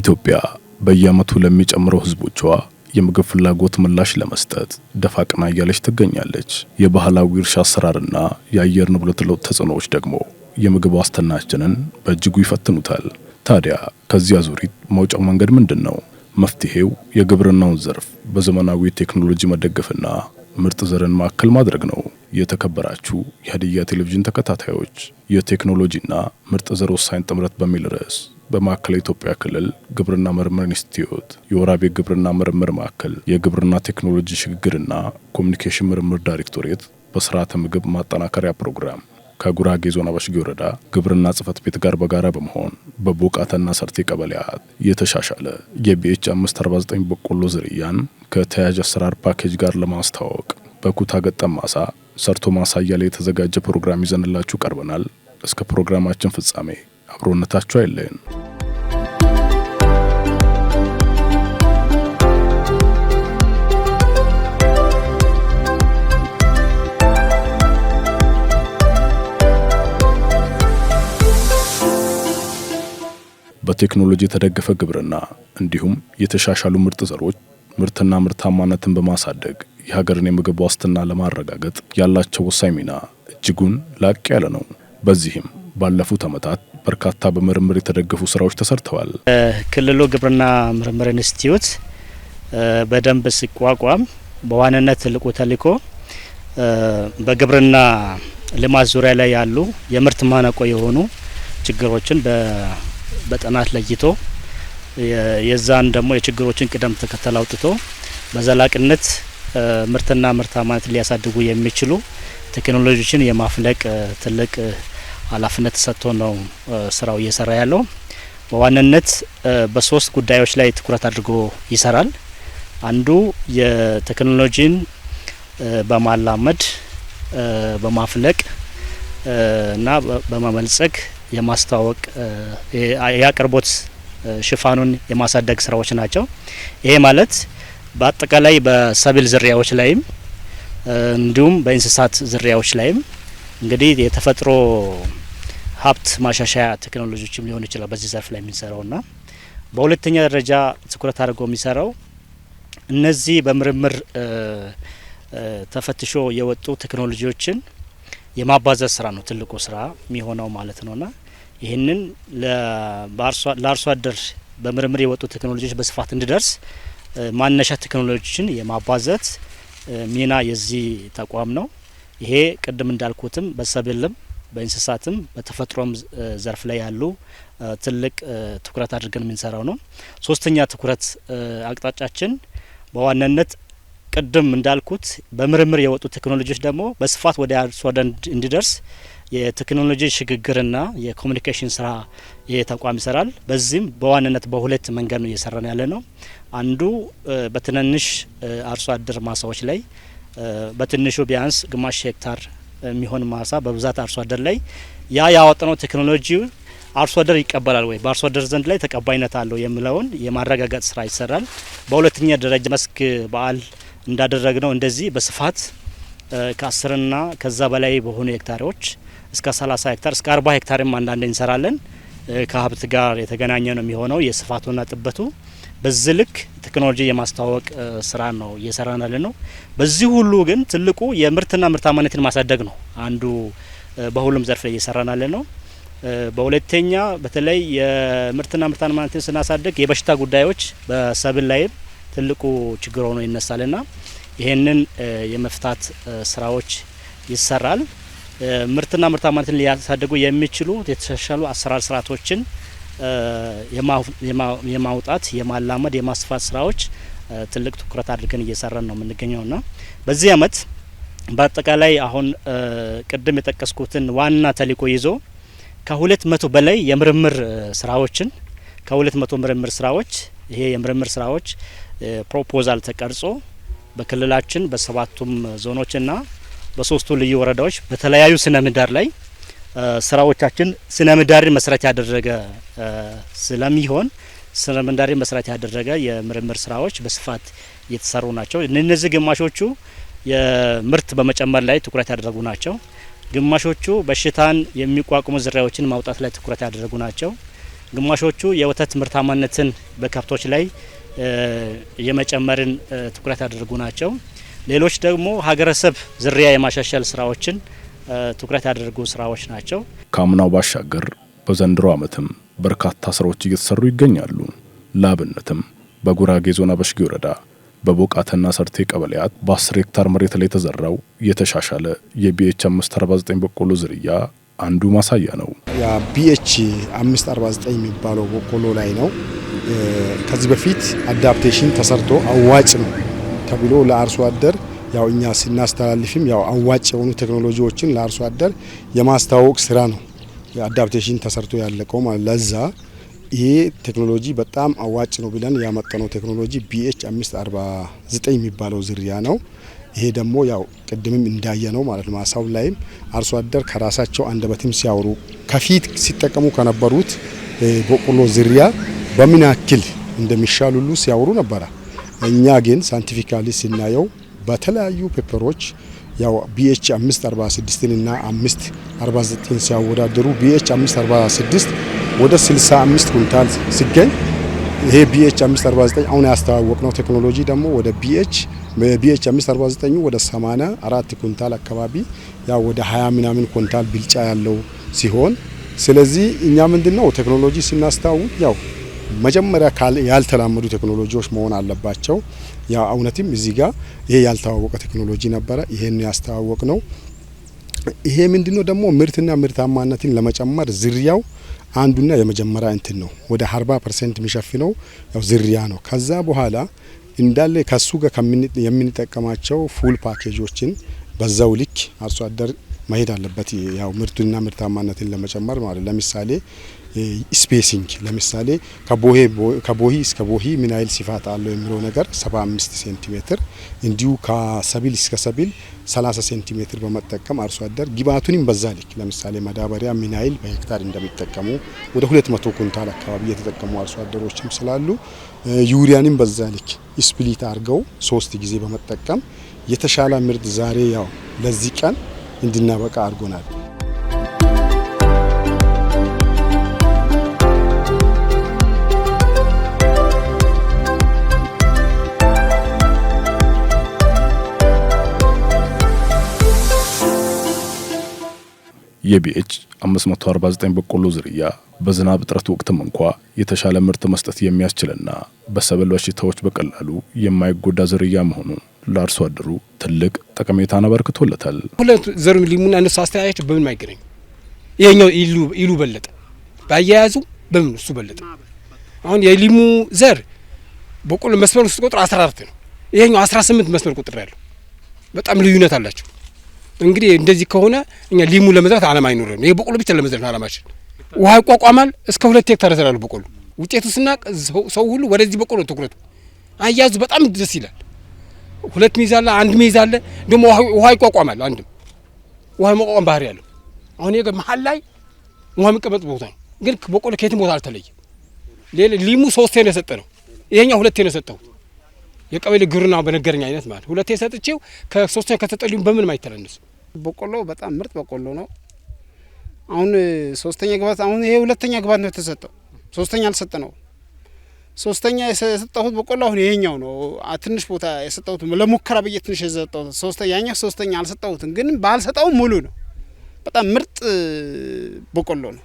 ኢትዮጵያ በየዓመቱ ለሚጨምረው ህዝቦቿ የምግብ ፍላጎት ምላሽ ለመስጠት ደፋ ቀና እያለች ትገኛለች። የባህላዊ እርሻ አሰራርና የአየር ንብረት ለውጥ ተጽዕኖዎች ደግሞ የምግብ ዋስትናችንን በእጅጉ ይፈትኑታል። ታዲያ ከዚህ አዙሪት መውጫው መንገድ ምንድን ነው? መፍትሄው የግብርናውን ዘርፍ በዘመናዊ ቴክኖሎጂ መደገፍና ምርጥ ዘርን ማዕከል ማድረግ ነው። የተከበራችሁ የሀዲያ ቴሌቪዥን ተከታታዮች የቴክኖሎጂና ምርጥ ዘር ወሳኝ ጥምረት በሚል ርዕስ በማዕከላዊ ኢትዮጵያ ክልል ግብርና ምርምር ኢንስቲትዩት የወራቤ ግብርና ምርምር ማዕከል የግብርና ቴክኖሎጂ ሽግግርና ኮሚኒኬሽን ምርምር ዳይሬክቶሬት በስርዓተ ምግብ ማጠናከሪያ ፕሮግራም ከጉራጌ ዞን አበሽጌ ወረዳ ግብርና ጽህፈት ቤት ጋር በጋራ በመሆን በቦቃተና ሰርቴ ቀበሌያት የተሻሻለ የቢኤች 549 በቆሎ ዝርያን ከተያያዥ አሰራር ፓኬጅ ጋር ለማስተዋወቅ በኩታ ገጠም ማሳ ሰርቶ ማሳያ ላይ የተዘጋጀ ፕሮግራም ይዘንላችሁ ቀርበናል። እስከ ፕሮግራማችን ፍጻሜ አብሮነታቸው አይለየን። በቴክኖሎጂ የተደገፈ ግብርና እንዲሁም የተሻሻሉ ምርጥ ዘሮች ምርትና ምርታማነትን በማሳደግ የሀገርን የምግብ ዋስትና ለማረጋገጥ ያላቸው ወሳኝ ሚና እጅጉን ላቅ ያለ ነው። በዚህም ባለፉት ዓመታት በርካታ በምርምር የተደገፉ ስራዎች ተሰርተዋል። ክልሉ ግብርና ምርምር ኢንስቲትዩት በደንብ ሲቋቋም በዋንነት ትልቁ ተልዕኮ በግብርና ልማት ዙሪያ ላይ ያሉ የምርት ማነቆ የሆኑ ችግሮችን በጥናት ለይቶ የዛን ደግሞ የችግሮችን ቅደም ተከተል አውጥቶ በዘላቂነት ምርትና ምርታማነት ሊያሳድጉ የሚችሉ ቴክኖሎጂዎችን የማፍለቅ ትልቅ ኃላፊነት ሰጥቶ ነው ስራው እየሰራ ያለው። በዋናነት በሶስት ጉዳዮች ላይ ትኩረት አድርጎ ይሰራል። አንዱ የቴክኖሎጂን በማላመድ በማፍለቅ እና በመመልጸግ የማስተዋወቅ የአቅርቦት ሽፋኑን የማሳደግ ስራዎች ናቸው። ይሄ ማለት በአጠቃላይ በሰብል ዝርያዎች ላይም እንዲሁም በእንስሳት ዝርያዎች ላይም እንግዲህ የተፈጥሮ ሀብት ማሻሻያ ቴክኖሎጂዎችም ሊሆን ይችላል በዚህ ዘርፍ ላይ የምንሰራው ና በሁለተኛ ደረጃ ትኩረት አድርጎ የሚሰራው እነዚህ በምርምር ተፈትሾ የወጡ ቴክኖሎጂዎችን የማባዘዝ ስራ ነው ትልቁ ስራ የሚሆነው ማለት ነው ና ይህንን ለአርሶ አደር በምርምር የወጡ ቴክኖሎጂዎች በስፋት እንዲደርስ ማነሻ ቴክኖሎጂዎችን የማባዘት ሚና የዚህ ተቋም ነው። ይሄ ቅድም እንዳልኩትም በሰብልም በእንስሳትም በተፈጥሮም ዘርፍ ላይ ያሉ ትልቅ ትኩረት አድርገን የምንሰራው ነው። ሶስተኛ ትኩረት አቅጣጫችን በዋናነት ቅድም እንዳልኩት በምርምር የወጡ ቴክኖሎጂዎች ደግሞ በስፋት ወደ አርሶ አደር እንዲደርስ የቴክኖሎጂ ሽግግርና የኮሚኒኬሽን ስራ ይህ ተቋም ይሰራል። በዚህም በዋናነት በሁለት መንገድ ነው እየሰራን ያለ ነው። አንዱ በትናንሽ አርሶ አደር ማሳዎች ላይ በትንሹ ቢያንስ ግማሽ ሄክታር የሚሆን ማሳ በብዛት አርሶ አደር ላይ ያ ያወጣነው ቴክኖሎጂ አርሶ አደር ይቀበላል ወይ በአርሶ አደር ዘንድ ላይ ተቀባይነት አለው የሚለውን የማረጋገጥ ስራ ይሰራል። በሁለተኛ ደረጃ መስክ በዓል እንዳደረግነው እንደዚህ በስፋት ከአስርና ከዛ በላይ በሆኑ ሄክታሪዎች እስከ 30 ሄክታር እስከ 40 ሄክታርም አንዳንድ እንሰራለን። ከሀብት ጋር የተገናኘ ነው የሚሆነው የስፋቱና ጥበቱ በዚህ ልክ ቴክኖሎጂ የማስተዋወቅ ስራ ነው እየሰራን ያለ ነው። በዚህ ሁሉ ግን ትልቁ የምርትና ምርታማነትን ማሳደግ ነው አንዱ በሁሉም ዘርፍ ላይ እየሰራን ያለ ነው። በሁለተኛ በተለይ የምርትና ምርታማነትን ስናሳደግ የበሽታ ጉዳዮች በሰብል ላይም ትልቁ ችግር ሆኖ ይነሳልና ይህንን የመፍታት ስራዎች ይሰራል። ምርትና ምርታማነትን ሊያሳድጉ የሚችሉ የተሻሻሉ አሰራር ስርዓቶችን የማውጣት የማላመድ የማስፋት ስራዎች ትልቅ ትኩረት አድርገን እየሰራን ነው የምንገኘው ና በዚህ አመት በአጠቃላይ አሁን ቅድም የጠቀስኩትን ዋና ተልእኮ ይዞ ከሁለት መቶ በላይ የምርምር ስራዎችን ከሁለት መቶ ምርምር ስራዎች ይሄ የምርምር ስራዎች ፕሮፖዛል ተቀርጾ በክልላችን በሰባቱም ዞኖች ና በሶስቱ ልዩ ወረዳዎች በተለያዩ ስነ ምህዳር ላይ ስራዎቻችን ስነ ምህዳርን መሰረት ያደረገ ስለሚሆን ስነ ምህዳርን መሰረት ያደረገ የምርምር ስራዎች በስፋት እየተሰሩ ናቸው። እነዚህ ግማሾቹ የምርት በመጨመር ላይ ትኩረት ያደረጉ ናቸው። ግማሾቹ በሽታን የሚቋቁሙ ዝርያዎችን ማውጣት ላይ ትኩረት ያደረጉ ናቸው። ግማሾቹ የወተት ምርታማነትን በከብቶች ላይ የመጨመርን ትኩረት ያደረጉ ናቸው። ሌሎች ደግሞ ሀገረሰብ ዝርያ የማሻሻል ስራዎችን ትኩረት ያደረጉ ስራዎች ናቸው። ከአምናው ባሻገር በዘንድሮ ዓመትም በርካታ ስራዎች እየተሰሩ ይገኛሉ። ላብነትም በጉራጌ ዞን አበሽጌ ወረዳ በቦቃተና ሰርቴ ቀበሌያት በ10 ሄክታር መሬት ላይ የተዘራው የተሻሻለ የቢኤች 549 በቆሎ ዝርያ አንዱ ማሳያ ነው። ቢኤች 549 የሚባለው በቆሎ ላይ ነው። ከዚህ በፊት አዳፕቴሽን ተሰርቶ አዋጭ ነው ተብሎ ለአርሶ አደር ያው እኛ ስናስተላልፍም ያው አዋጭ የሆኑ ቴክኖሎጂዎችን ለአርሶ አደር የማስተዋወቅ ስራ ነው አዳፕቴሽን ተሰርቶ ያለቀው ማለት ለዛ ይሄ ቴክኖሎጂ በጣም አዋጭ ነው ብለን ያመጠነው ቴክኖሎጂ ቢኤች አምስት አርባ ዘጠኝ የሚባለው ዝርያ ነው። ይሄ ደግሞ ያው ቅድምም እንዳየ ነው ማለት ማሳው ላይም አርሶ አደር ከራሳቸው አንደበትም ሲያወሩ ከፊት ሲጠቀሙ ከነበሩት በቆሎ ዝርያ በምን ያክል እንደሚሻሉሉ ሲያወሩ ነበረ። እኛ ግን ሳይንቲፊካሊ ስናየው በተለያዩ ፔፐሮች ያው ቢኤች 546 እና 549 ሲያወዳደሩ ቢኤች 546 ወደ 65 ኩንታል ሲገኝ ይሄ ቢኤች 549 አሁን ነው ቴክኖሎጂ ደግሞ ወደ ቢኤች ቢኤች 549 ወደ 84 ኩንታል አካባቢ ያው ወደ 20 ምናምን ኩንታል ብልጫ ያለው ሲሆን ስለዚህ እኛ ምንድነው ቴክኖሎጂ ስናስተዋውቅ ያው መጀመሪያ ያልተላመዱ ቴክኖሎጂዎች መሆን አለባቸው። ያ እውነትም እዚህ ጋር ይሄ ያልተዋወቀ ቴክኖሎጂ ነበረ። ይሄን ያስተዋወቅ ነው። ይሄ ምንድነው ደግሞ ምርትና ምርታማነትን ለመጨመር ዝርያው አንዱና የመጀመሪያ እንትን ነው። ወደ 40 ፐርሰንት የሚሸፍነው ያው ዝርያ ነው። ከዛ በኋላ እንዳለ ከሱ ጋር የምንጠቀማቸው ፉል ፓኬጆችን በዛው ልክ አርሶ አደር መሄድ አለበት። ያው ምርቱና ምርታማነትን ለመጨመር ማለት ለምሳሌ ስፔሲንግ ለምሳሌ ከቦሂ እስከ ቦሂ ምን ያህል ስፋት አለው የሚለው ነገር 75 ሴንቲሜትር እንዲሁ ከሰብል እስከ ሰብል 30 ሴንቲሜትር በመጠቀም አርሶ አደር ግብአቱንም በዛ ልክ ለምሳሌ ማዳበሪያ ምን ያህል በሄክታር እንደሚጠቀሙ ወደ 200 ኩንታል አካባቢ የተጠቀሙ አርሶ አደሮችም ስላሉ ዩሪያንም በዛ ልክ ስፕሊት አድርገው ሶስት ጊዜ በመጠቀም የተሻለ ምርት ዛሬ ያው ለዚህ ቀን እንድናበቃ አድርጎናል። የቢኤች 549 በቆሎ ዝርያ በዝናብ እጥረት ወቅትም እንኳ የተሻለ ምርት መስጠት የሚያስችልና በሰብል በሽታዎች በቀላሉ የማይጎዳ ዝርያ መሆኑ ለአርሶ አደሩ ትልቅ ጠቀሜታን አበርክቶለታል። ሁለት ዘር ሊሙና እነሱ አስተያየት በምን አይገናኝ። ይሄኛው ይሉ በለጠ በአያያዙ በምን እሱ በለጠ። አሁን የሊሙ ዘር በቆሎ መስመር ውስጥ ቁጥር 14 ነው። ይሄኛው 18 መስመር ቁጥር ያለው በጣም ልዩነት አላቸው። እንግዲህ እንደዚህ ከሆነ እኛ ሊሙ ለመዝራት አላማ አይኖርም። ይሄ በቆሎ ብቻ ለመዝራት አላማችን። ውሃ ይቋቋማል። እስከ ሁለት ሄክታር ዘራሉ በቆሎ። ውጤቱ ስናቅ ሰው ሁሉ ወደዚህ በቆሎ ትኩረቱ። አያዙ በጣም ደስ ይላል። ሁለት ሚይዝ አንድ ሚይዝ አለ። ደግሞ ውሃ ይቋቋማል። አንድም ውሃ መቋቋም ባህሪ ያለው አሁን ይሄ መሀል ላይ ውሃ የሚቀመጥ ቦታ ነው። ግን በቆሎ ከየትም ቦታ አልተለየም። ሌላ ሊሙ ሶስቴ ነው የሰጠ ነው። ይሄኛው ሁለቴ ነው የሰጠው የቀበሌ ግብርና በነገረኝ አይነት ማለት ሁለቴ ሰጥቼው ከሶስተኛ ከተጠ ሊሙ በምንም አይተናነሱ በቆሎ በጣም ምርጥ በቆሎ ነው። አሁን ሶስተኛ ግባት አሁን ይሄ ሁለተኛ ግባት ነው የተሰጠው። ሶስተኛ አልሰጠ ነው። ሶስተኛ የሰጠሁት በቆሎ አሁን ይሄኛው ነው። ትንሽ ቦታ የሰጠሁት ለሙከራ ብዬ ትንሽ የሰጠሁት ሶስተ ያኛው ሶስተኛ አልሰጠሁትም፣ ግን ባልሰጠውም ሙሉ ነው። በጣም ምርጥ በቆሎ ነው።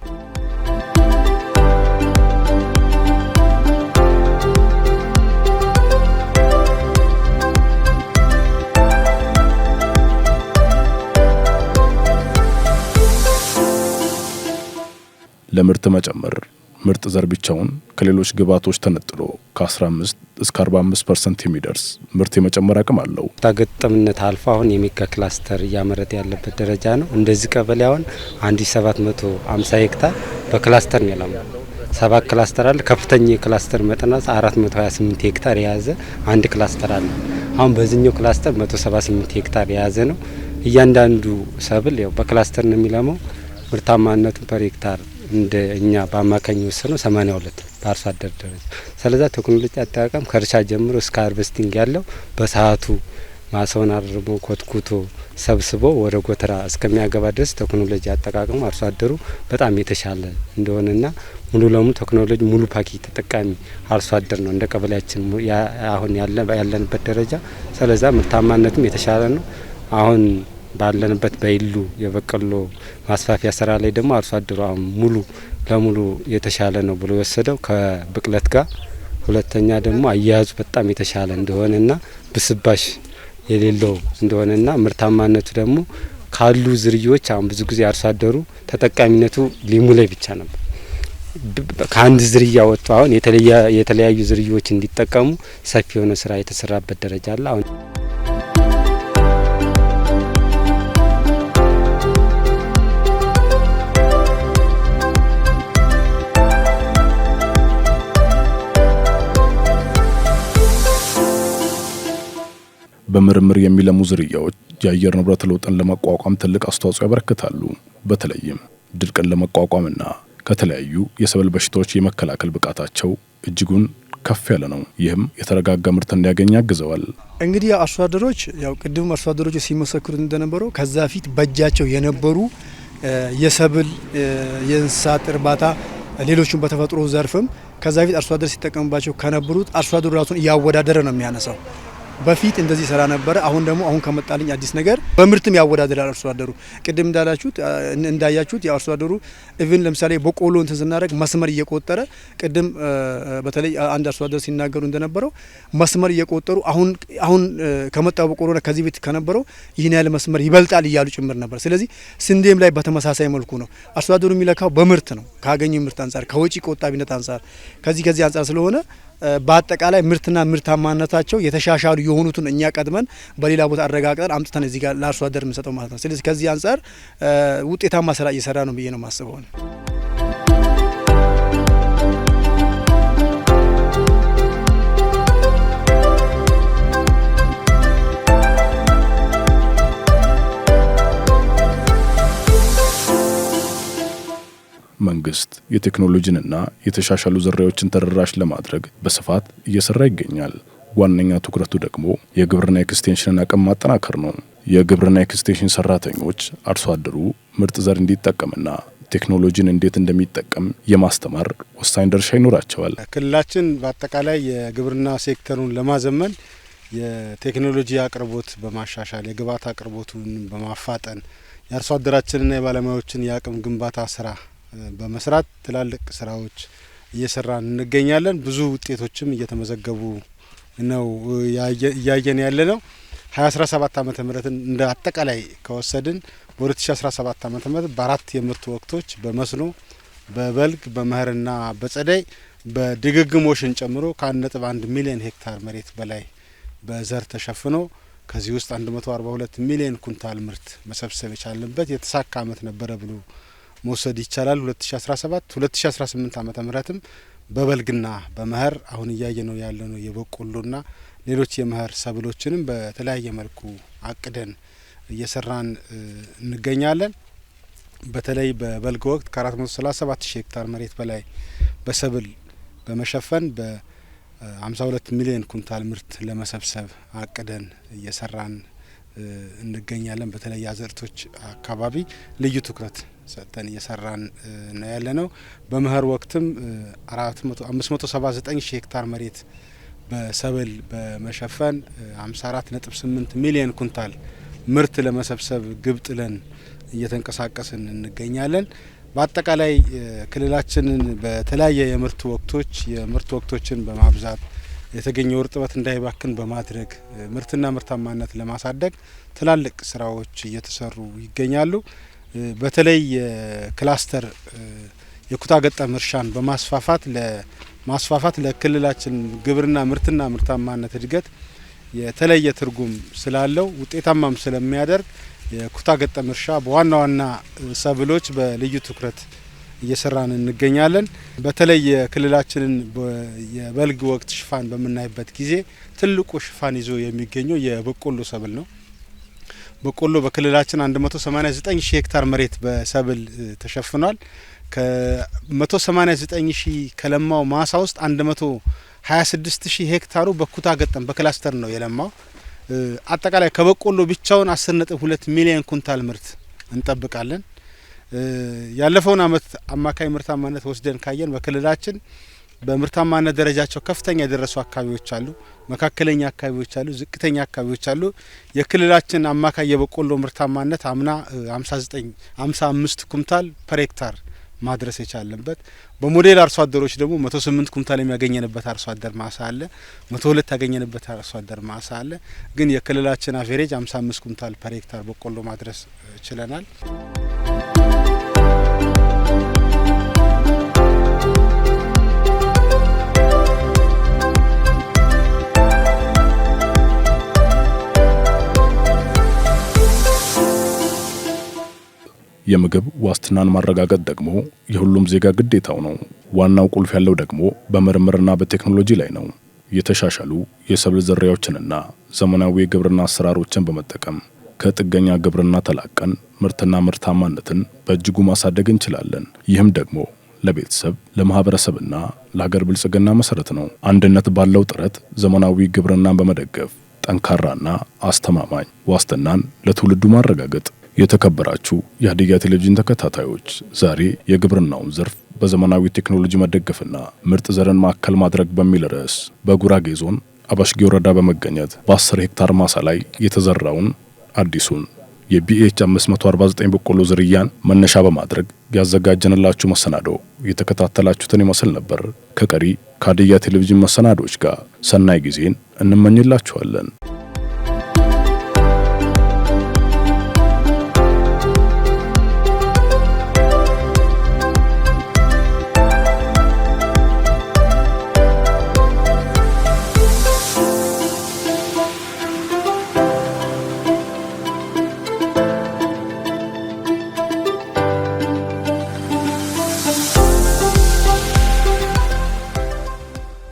ለምርት መጨመር ምርጥ ዘር ብቻውን ከሌሎች ግብዓቶች ተነጥሎ ከ15 እስከ 45 ፐርሰንት የሚደርስ ምርት የመጨመር አቅም አለው። ከግጥምነት አልፎ አሁን የሚካ ክላስተር እያመረተ ያለበት ደረጃ ነው። እንደዚህ ቀበሌ አሁን 1750 ሄክታር በክላስተር ነው የለማው። ሰባት ክላስተር አለ። ከፍተኛ የክላስተር መጠናት 428 ሄክታር የያዘ አንድ ክላስተር አለ። አሁን በዚህኛው ክላስተር 178 ሄክታር የያዘ ነው። እያንዳንዱ ሰብል ያው በክላስተር ነው የሚለመው ምርታማነቱ ፐር ሄክታር እንደ እኛ በአማካኝ የወሰነው ሰማኒያ ሁለት በአርሶ አደር ደረጃ። ስለዛ ቴክኖሎጂ አጠቃቀም ከእርሻ ጀምሮ እስከ ሀርቨስቲንግ ያለው በሰዓቱ ማሰውን አርሞ ኮትኩቶ ሰብስቦ ወደ ጎተራ እስከሚያገባ ድረስ ቴክኖሎጂ አጠቃቀሙ አርሶ አደሩ በጣም የተሻለ እንደሆነና ሙሉ ለሙሉ ቴክኖሎጂ ሙሉ ፓኬጅ ተጠቃሚ አርሶ አደር ነው እንደ ቀበሌያችን አሁን ያለንበት ደረጃ። ስለዛ ምርታማነትም የተሻለ ነው አሁን ባለንበት በይሉ የበቆሎ ማስፋፊያ ስራ ላይ ደግሞ አርሶ አደሩ አሁን ሙሉ ለሙሉ የተሻለ ነው ብሎ የወሰደው ከብቅለት ጋር ሁለተኛ ደግሞ አያያዙ በጣም የተሻለ እንደሆነና ብስባሽ የሌለው እንደሆነና ምርታማነቱ ደግሞ ካሉ ዝርያዎች አሁን ብዙ ጊዜ አርሶ አደሩ ተጠቃሚነቱ ሊሙ ላይ ብቻ ነበር። ከአንድ ዝርያ ወጥቶ አሁን የተለያዩ ዝርያዎች እንዲጠቀሙ ሰፊ የሆነ ስራ የተሰራበት ደረጃ አለ አሁን በምርምር የሚለሙ ዝርያዎች የአየር ንብረት ለውጥን ለመቋቋም ትልቅ አስተዋጽኦ ያበረክታሉ። በተለይም ድርቅን ለመቋቋምና ከተለያዩ የሰብል በሽታዎች የመከላከል ብቃታቸው እጅጉን ከፍ ያለ ነው። ይህም የተረጋጋ ምርት እንዲያገኝ ያግዘዋል። እንግዲህ አርሶ አደሮች ያው ቅድም አርሶ አደሮች ሲመሰክሩት እንደነበረው ከዛ ፊት በእጃቸው የነበሩ የሰብል፣ የእንስሳት እርባታ ሌሎችን በተፈጥሮ ዘርፍም ከዛ ፊት አርሶ አደር ሲጠቀምባቸው ከነበሩት አርሶ አደሩ ራሱን እያወዳደረ ነው የሚያነሳው። በፊት እንደዚህ ስራ ነበረ። አሁን ደግሞ አሁን ከመጣልኝ አዲስ ነገር በምርትም ያወዳደራል አርሶ አደሩ። ቅድም እንዳላችሁት እንዳያችሁት የአርሶ አደሩ ኢቭን ለምሳሌ በቆሎ እንትን ስናደርግ መስመር እየቆጠረ ቅድም በተለይ አንድ አርሶ አደር ሲናገሩ እንደነበረው መስመር እየቆጠሩ አሁን አሁን ከመጣው በቆሎ ከዚህ ቤት ከነበረው ይህን ያህል መስመር ይበልጣል እያሉ ጭምር ነበር። ስለዚህ ስንዴም ላይ በተመሳሳይ መልኩ ነው አርሶ አደሩ የሚለካው በምርት ነው፣ ካገኘ ምርት አንጻር፣ ከወጪ ቆጣቢነት አንጻር ከዚህ ከዚህ አንጻር ስለሆነ በአጠቃላይ ምርትና ምርታማነታቸው የተሻሻሉ የሆኑትን እኛ ቀድመን በሌላ ቦታ አረጋግጠን አምጥተን እዚህ ጋር ለአርሶ አደር የምንሰጠው ማለት ነው። ስለዚህ ከዚህ አንጻር ውጤታማ ስራ እየሰራ ነው ብዬ ነው ማስበው። መንግስት የቴክኖሎጂንና የተሻሻሉ ዝርያዎችን ተደራሽ ለማድረግ በስፋት እየሰራ ይገኛል። ዋነኛ ትኩረቱ ደግሞ የግብርና ኤክስቴንሽንን አቅም ማጠናከር ነው። የግብርና ኤክስቴንሽን ሰራተኞች አርሶ አደሩ ምርጥ ዘር እንዲጠቀምና ቴክኖሎጂን እንዴት እንደሚጠቀም የማስተማር ወሳኝ ድርሻ ይኖራቸዋል። ክልላችን በአጠቃላይ የግብርና ሴክተሩን ለማዘመን የቴክኖሎጂ አቅርቦት በማሻሻል የግብዓት አቅርቦቱን በማፋጠን የአርሶ አደራችንና የባለሙያዎችን የአቅም ግንባታ ስራ በመስራት ትላልቅ ስራዎች እየሰራን እንገኛለን። ብዙ ውጤቶችም እየተመዘገቡ ነው እያየን ያለ ነው። 2017 ዓመተ ምህረትን እንደ አጠቃላይ ከወሰድን በ2017 ዓመተ ምህረት በአራት የምርት ወቅቶች በመስኖ፣ በበልግ፣ በመህርና በጸደይ በድግግሞሽን ጨምሮ ከ1 1 ሚሊዮን ሄክታር መሬት በላይ በዘር ተሸፍኖ ከዚህ ውስጥ 142 ሚሊዮን ኩንታል ምርት መሰብሰብ የቻለበት የተሳካ አመት ነበረ ብሎ መውሰድ ይቻላል። 2017 2018 ዓመተ ምህረትም በበልግና በመኸር አሁን እያየ ነው ያለ ነው የበቆሎና ሌሎች የመኸር ሰብሎችንም በተለያየ መልኩ አቅደን እየሰራን እንገኛለን። በተለይ በበልግ ወቅት ከ437 ሺህ ሄክታር መሬት በላይ በሰብል በመሸፈን በ52 ሚሊዮን ኩንታል ምርት ለመሰብሰብ አቅደን እየሰራን እንገኛለን። በተለይ አዝርዕቶች አካባቢ ልዩ ትኩረት ሰጥተን እየሰራን ነው ያለ ነው። በመኸር ወቅትም አምስት መቶ ሰባ ዘጠኝ ሺህ ሄክታር መሬት በሰብል በመሸፈን ሀምሳ አራት ነጥብ ስምንት ሚሊየን ኩንታል ምርት ለመሰብሰብ ግብ ጥለን እየተንቀሳቀስን እንገኛለን። በአጠቃላይ ክልላችንን በተለያየ የምርት ወቅቶች የምርት ወቅቶችን በማብዛት የተገኘው እርጥበት እንዳይባክን በማድረግ ምርትና ምርታማነት ለማሳደግ ትላልቅ ስራዎች እየተሰሩ ይገኛሉ። በተለይ የክላስተር የኩታ ገጠም እርሻን በማስፋፋት ለማስፋፋት ለክልላችን ግብርና ምርትና ምርታማነት እድገት የተለየ ትርጉም ስላለው ውጤታማም ስለሚያደርግ የኩታ ገጠም እርሻ በዋና ዋና ሰብሎች በልዩ ትኩረት እየሰራን እንገኛለን። በተለይ የክልላችንን የበልግ ወቅት ሽፋን በምናይበት ጊዜ ትልቁ ሽፋን ይዞ የሚገኘው የበቆሎ ሰብል ነው። በቆሎ በክልላችን 189 ሺህ ሄክታር መሬት በሰብል ተሸፍኗል። ከ189 ሺህ ከለማው ማሳ ውስጥ 126 ሺህ ሄክታሩ በኩታ ገጠም በክላስተር ነው የለማው። አጠቃላይ ከበቆሎ ብቻውን 10.2 ሚሊዮን ኩንታል ምርት እንጠብቃለን። ያለፈውን አመት አማካይ ምርታማነት ወስደን ካየን በክልላችን በምርታማነት ደረጃቸው ከፍተኛ የደረሱ አካባቢዎች አሉ፣ መካከለኛ አካባቢዎች አሉ፣ ዝቅተኛ አካባቢዎች አሉ። የክልላችን አማካይ የበቆሎ ምርታማነት አምና 59 55 ኩምታል ፐር ሄክታር ማድረስ የቻለንበት በሞዴል አርሶ አደሮች ደግሞ 108 ኩምታል የሚያገኘንበት አርሶ አደር ማሳ አለ። 102 ያገኘንበት አርሶ አደር ማሳ አለ። ግን የክልላችን አቬሬጅ 55 ኩምታል ፐር ሄክታር በቆሎ ማድረስ ችለናል። የምግብ ዋስትናን ማረጋገጥ ደግሞ የሁሉም ዜጋ ግዴታው ነው። ዋናው ቁልፍ ያለው ደግሞ በምርምርና በቴክኖሎጂ ላይ ነው። የተሻሻሉ የሰብል ዝርያዎችንና ዘመናዊ የግብርና አሰራሮችን በመጠቀም ከጥገኛ ግብርና ተላቀን ምርትና ምርታማነትን በእጅጉ ማሳደግ እንችላለን። ይህም ደግሞ ለቤተሰብ ለማህበረሰብና ለሀገር ብልጽግና መሰረት ነው። አንድነት ባለው ጥረት ዘመናዊ ግብርናን በመደገፍ ጠንካራና አስተማማኝ ዋስትናን ለትውልዱ ማረጋገጥ የተከበራችሁ የሀዲያ ቴሌቪዥን ተከታታዮች ዛሬ የግብርናውን ዘርፍ በዘመናዊ ቴክኖሎጂ መደገፍና ምርጥ ዘርን ማዕከል ማድረግ በሚል ርዕስ በጉራጌ ዞን አባሽጌ ወረዳ በመገኘት በ10 ሄክታር ማሳ ላይ የተዘራውን አዲሱን የቢኤች 549 በቆሎ ዝርያን መነሻ በማድረግ ያዘጋጀንላችሁ መሰናዶ የተከታተላችሁትን ይመስል ነበር። ከቀሪ ከሀዲያ ቴሌቪዥን መሰናዶዎች ጋር ሰናይ ጊዜን እንመኝላችኋለን።